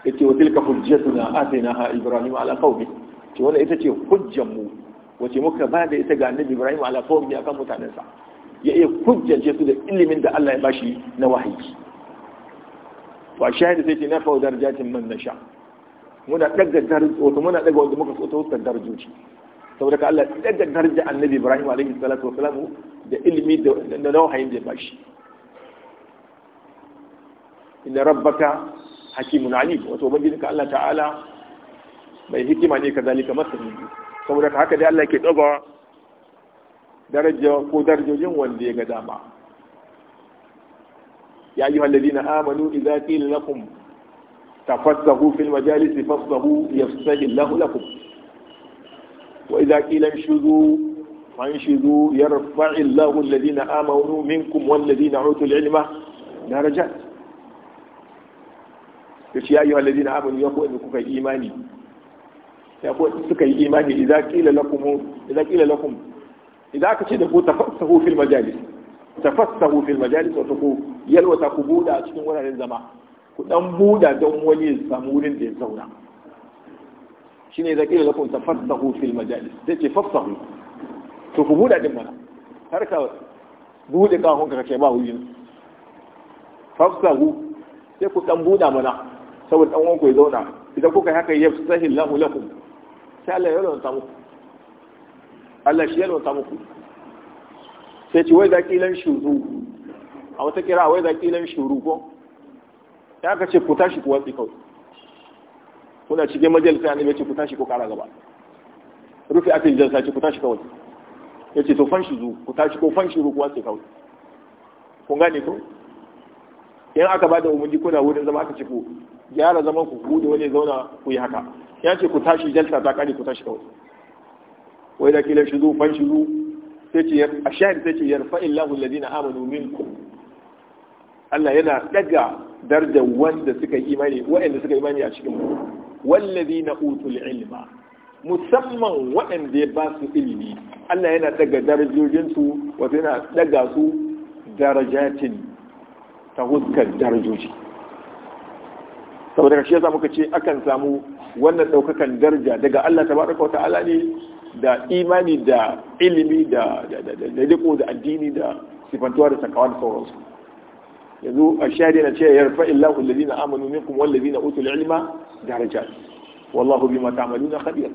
yace wa tilka hujjatuna atainaha ibrahim ala qaumi to wannan ita ce hujjar mu wace muka bada da ita ga annabi ibrahim ala qaumi akan mutanensa ya iya hujjace su da ilimin da Allah ya bashi na wahayi wa shahidu shahidi sai ce na fa'u darajatin man nasha muna daga darajar wato muna daga wanda muka so ta huskar darajoji saboda ka Allah daga daraja annabi Ibrahim alaihi salatu wasalam da ilimi da nauhayin da ya bashi inna rabbaka hakimun alim wato ka Allah ta'ala mai hikima ne ka zalika masani saboda ka haka dai Allah ke daga daraja ko darajojin wanda ya ga dama ya ayyuhal ladina amanu idza qila lakum تفسهوا في المجالس فافسهوا يفسه الله لكم وإذا قيل انشذوا فانشذوا يرفع الله الذين آمنوا منكم والذين أوتوا العلم درجات يا أيها الذين آمنوا يقول أنكم في إيماني يقول سكي إيماني إذا قيل لكم إذا قيل لكم إذا كتبوا تفسهوا في المجالس تفسهوا في المجالس وتقوا يلوى تقبوا لا تكون ولا زمان ku dan buda don wani ya samu wurin da ya zauna Shi ne zaƙi da kila lakum tafassahu fil majalis fasta hu, to ku buda din mana har ka buɗe ƙahon ka kace ba fasta hu, sai ku dan buda mana saboda dan uwanku ya zauna idan kuka haka yafsahi lahu lakum sai Allah ya rawanta muku Allah shi ya rawanta muku sai ci wai zaƙi lan shuru a wata kira wai zaƙi lan shuru ko ya aka ce ku tashi ku watsi kawai kuna cikin majalisa ne ya ce ku tashi ku kara gaba rufe akin jalsa ce ku tashi kawai ya ce to fanshi zu ku tashi ko fanshi ku watsi kawai kun gane ko in aka ba bada umarni kuna wurin zama aka ce ku gyara zaman ku ku da wani zauna ku yi haka ya ce ku tashi jalsa ta kare ku tashi kawai wai da kila shi zu fanshi zu sai ce a shahid sai ce yarfa illahu alladhina amanu minkum Allah yana daga darajar wanda suka yi imani waɗanda suka yi imani a cikin mu wallazi na utul ilma musamman waɗanda ya ba su ilimi Allah yana daga darajojin su wato yana daga su darajatin ta huskar darajoji saboda kashi yasa muka ce akan samu wannan ɗaukakan daraja daga Allah tabaraka wa ne da imani da ilimi da riko da addini da sifantuwa da sakawa da sauransu yanzu a shari na ce yarfa illahu na amanu kuma minkum na utul ilma darajat wallahu bima ta'maluna khabir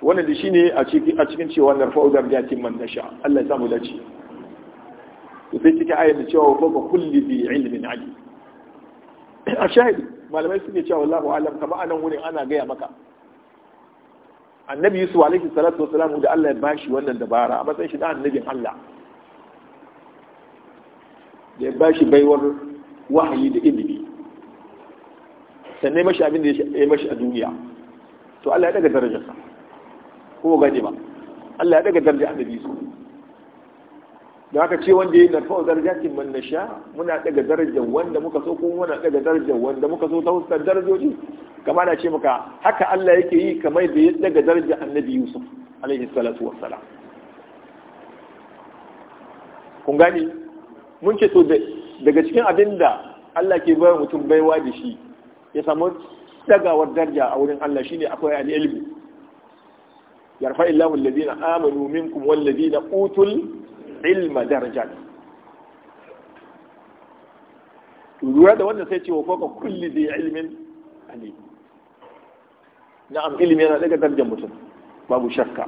wannan da shine a cikin a cikin cewa narfa'u darajatin man nasha Allah ya samu dace to sai cikin ayat da cewa fa kulli bi ilmin ali a shahidi malamai suke cewa wallahu alam kama anan wurin ana gaya maka annabi yusuf alaihi salatu wasalam da Allah ya bashi wannan dabara a matsayin shi da annabin Allah da ya bashi baiwar wahayi da ilimi sannan mashi abin da ya mashi a duniya to Allah ya daga darajarsa ko gane ba Allah ya daga darajar annabi su da haka ce wanda ya yi narfa wa darajatin man nasha muna daga darajar wanda muka so kuma muna daga darajar wanda muka so ta huskar darajoji kamar na ce maka haka Allah yake yi kamar da ya daga darajar annabi Yusuf alaihi salatu wassalam kun gani mun ce to daga cikin abin da Allah ke bayar mutum baiwa da shi ya samu dagawar darja a wurin Allah shi ne akwai al'ilmi yarfa illahu alladhina amanu minkum walladhina utul ilma darajat ruwa da wannan sai ce wa fawqa kulli dhi ilmin alim na'am ilmi yana daga darajar mutum babu shakka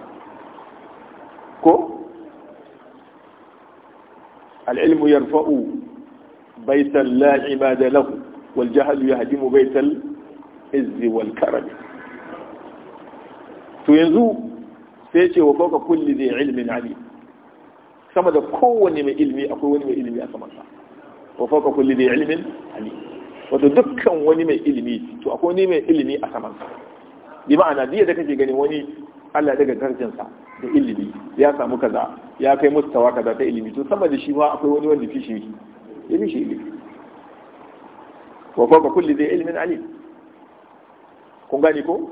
ko العلم يرفع بيت لا عماد له والجهل يهدم بيت العز والكرم to yanzu sai ce wa fauka kulli zai ilmin alim sama da kowane mai ilmi akwai wani mai ilmi a samansa wa fauka kulli zai ilmin Ali, wato dukkan wani mai ilmi to akwai wani mai ilmi a samansa bi ma'ana diya da kake gani wani Allah daga karkinsa da ilimi ya samu kaza ya kai mustawa kaza ta ilimi to sama da shi ma akwai wani wanda fishi ya fishi ilimi wa fawqa kulli dhi ilimin alim kun gani ko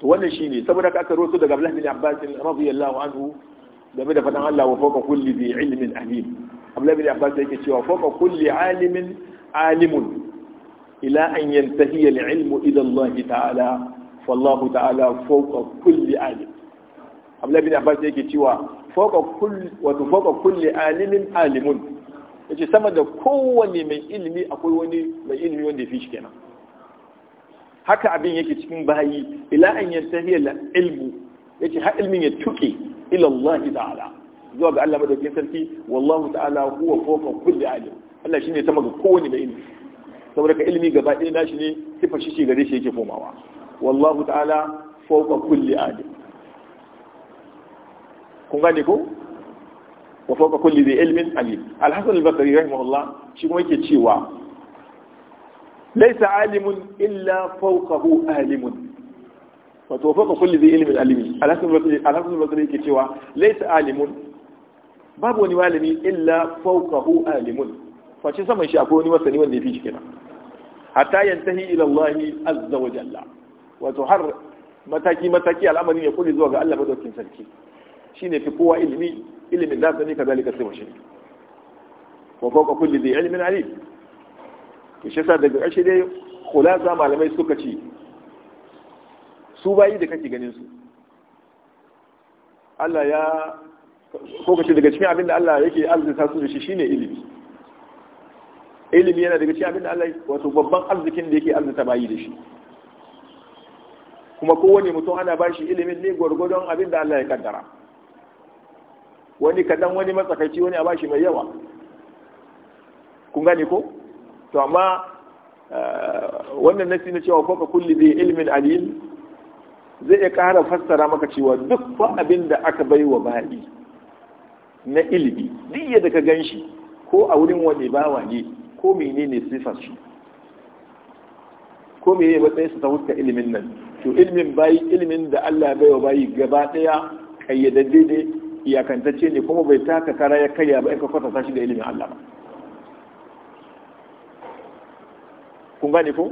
to wannan shine saboda ka aka roto daga Abdullahi bin Abbas radiyallahu anhu game da fadan Allah wa fawqa kulli dhi ilmin alim Abdullahi bin Abbas yake cewa fawqa kulli alimin alimun ila an yantahi al-ilmu ila Allah ta'ala wallahu ta'ala fawqa kulli alim Abdullahi bin Abbas yake cewa fawqa kulli wato fawqa kulli alimin alimun yace sama da kowanne mai ilimi akwai wani mai ilimi wanda fi shi kenan haka abin yake cikin bayi ila an yantahi ilmu yace har ilmin ya tuke ila Allah ta'ala zuwa ga Allah madaukakin sarki wallahu ta'ala huwa fawqa kulli alim Allah shine sama ga kowanne mai ilimi saboda ka ilimi gaba ɗaya nashi ne sifa shi ce gare shi yake komawa wallahu ta'ala fauka kulli adi kun gane ko wa fauka kulli zai ilimin alim alhassan albakari al Allah, rahimahullah shi kuma yake cewa laisa alimun illa fawqahu alimun wato fauka kulli zai ilimin alimi alhassan albakari yake cewa laisa alimun babu wani malami illa fawqahu alimun face saman shi akwai wani masani wanda ya fi shi kenan hatta yantahi ila Allah azza wa jalla wato har mataki mataki al'amari ya kudi zuwa ga Allah madaukin sarki shine fi kowa ilimi ilimin da sani kazalika sai mashi wa fawqa kulli dhi ilmin alim to shi yasa daga ashe dai khulasa malamai suka ce su bayi da kake ganin su Allah ya ko kace daga cikin abin da Allah yake arzuta su da shi shine ilimi ilimi yana daga cikin abin da Allah wato babban arzikin da yake arzuta bayi da shi kuma kowane mutum ana ba shi ilimin ne gwargwadon abin da Allah ya kaddara wani kadan wani matsakaici wani a ba shi mai yawa kun gane ko to amma eh, wannan nasi na cewa ko ka kulli bi ilmin alil zai iya ƙara fassara maka cewa duk fa abin da aka bai wa bayi na ilimi duk yadda ka gan shi ko a wurin wani bawa ne ko menene sifar shi ko ne matsayin su ta wuce ilimin nan to ilimin bayi ilimin da Allah ya baiwa bayi gaba daya kayyadadde ne iyakantacce ne kuma bai taka kara ya karya ba ka kwatanta shi da ilimin Allah ba kun gane ko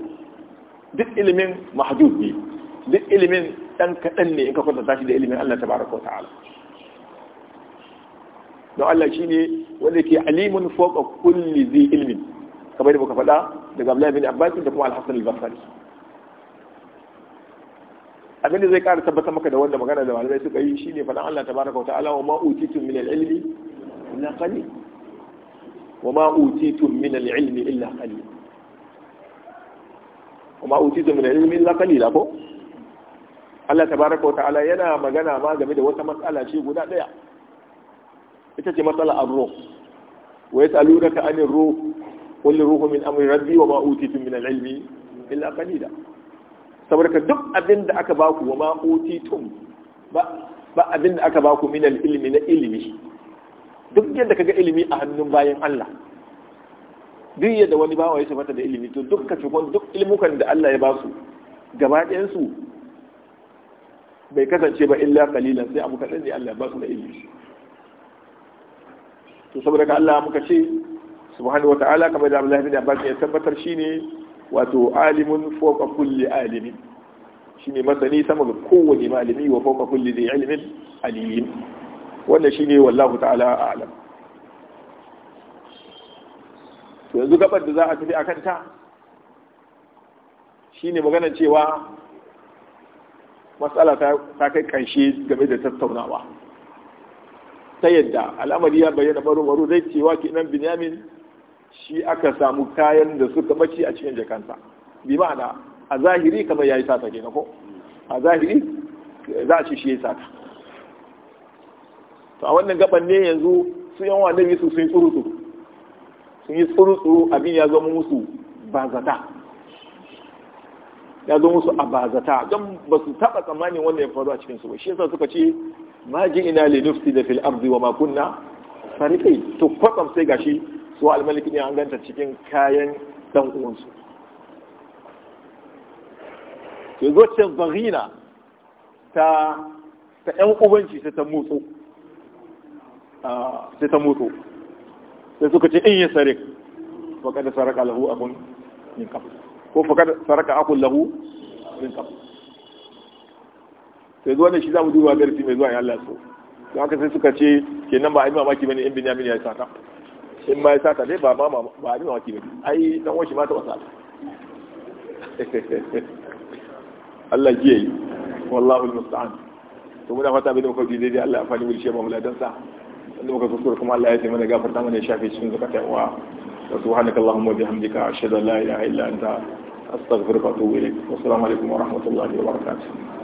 duk ilimin mahdud ne duk ilimin dan kadan ne in ka kwatanta shi da ilimin Allah tabaraka wa ta'ala don Allah shine wanda ke alimun fawqa kulli dhi ilmin kamar da muka faɗa daga Abdullahi bin Abbas da kuma Al-Hasan al-Basri abinda zai ƙara tabbatar maka da wanda magana da malamai suka yi shine faɗan Allah tabaraka wa ta'ala wa ma utitum min al-ilmi illa qalil wa ma utitum min al-ilmi illa qalil wa ma utitum min al-ilmi illa qalil ko Allah tabaraka wa ta'ala yana magana ma game da wata matsala ce guda ɗaya ita ce matsala ar-ruh wa yas'alunaka 'anil ruh kullu ruhu min amri rabbi wa ma utitu min al-ilmi illa qalila saboda duk abin da aka baku wa ma utitum ba ba abin da aka baku min al-ilmi na ilimi duk yadda kaga ilimi a hannun bayan Allah duk yadda wani bawa ya tabbata da ilimi to duk kon duk ilmukan da Allah ya ba su gaba su, bai kasance ba illa qalilan sai abu kaɗan ne Allah ba su da ilimi to saboda ka Allah muka ce subhanahu wata'ala kamar da Abdullahi bin Abbas ya tabbatar shine wato alimun fawqa kulli alimin shine masani sama ga kowane malami wa fawqa kulli dhi ilmin alim wannan shine wallahu ta'ala a'lam to yanzu gabar da za a tafi akan ta shine magana cewa matsala ta kai ƙarshe game da tattaunawa ta yadda al'amari ya bayyana baro baro zai cewa nan binyamin shi aka samu kayan da suka mace a cikin jakansa bi ma'ana a zahiri kamar ya yi sata kenan ko a zahiri za a ce shi yi sata to a wannan gaban ne yanzu su yan wadabi su sun yi tsurutu sun yi tsurutu abin ya zama musu bazata ya zama musu a bazata don ba su taɓa tsammanin wanda ya faru a cikinsu ba shi yasa suka ce ma ji ina le nufsi da fil ardi wa ma kunna sarikai to kwatsam sai gashi su almaliki ne ya hanganta cikin kayan dan uwansu ke zo ce zarina ta ta yan ubanci sai ta mutu ah, sai suka ce in ya sare da saraka lahu abun yin qabl ko da saraka akun lahu yin qabl sai zuwa ne shi za mu duba garfi mai zuwa ya lasu don haka sai suka ce kenan ba a yi mamaki bane in Binyamin ya yi sata in ma ya sata ne ba ma ba ni mamaki ba ai dan wani ma ta wasa Allah ji yi wallahu almusta'an to muna fata bai da muka dai Allah ya fani mu shi ba muladan sa muka kuma Allah ya sai mana gafarta mana ya shafe cikin wa subhanakallahumma wa bihamdika ashhadu an la ilaha illa anta astaghfiruka wa atubu ilaik assalamu alaikum wa rahmatullahi wa barakatuh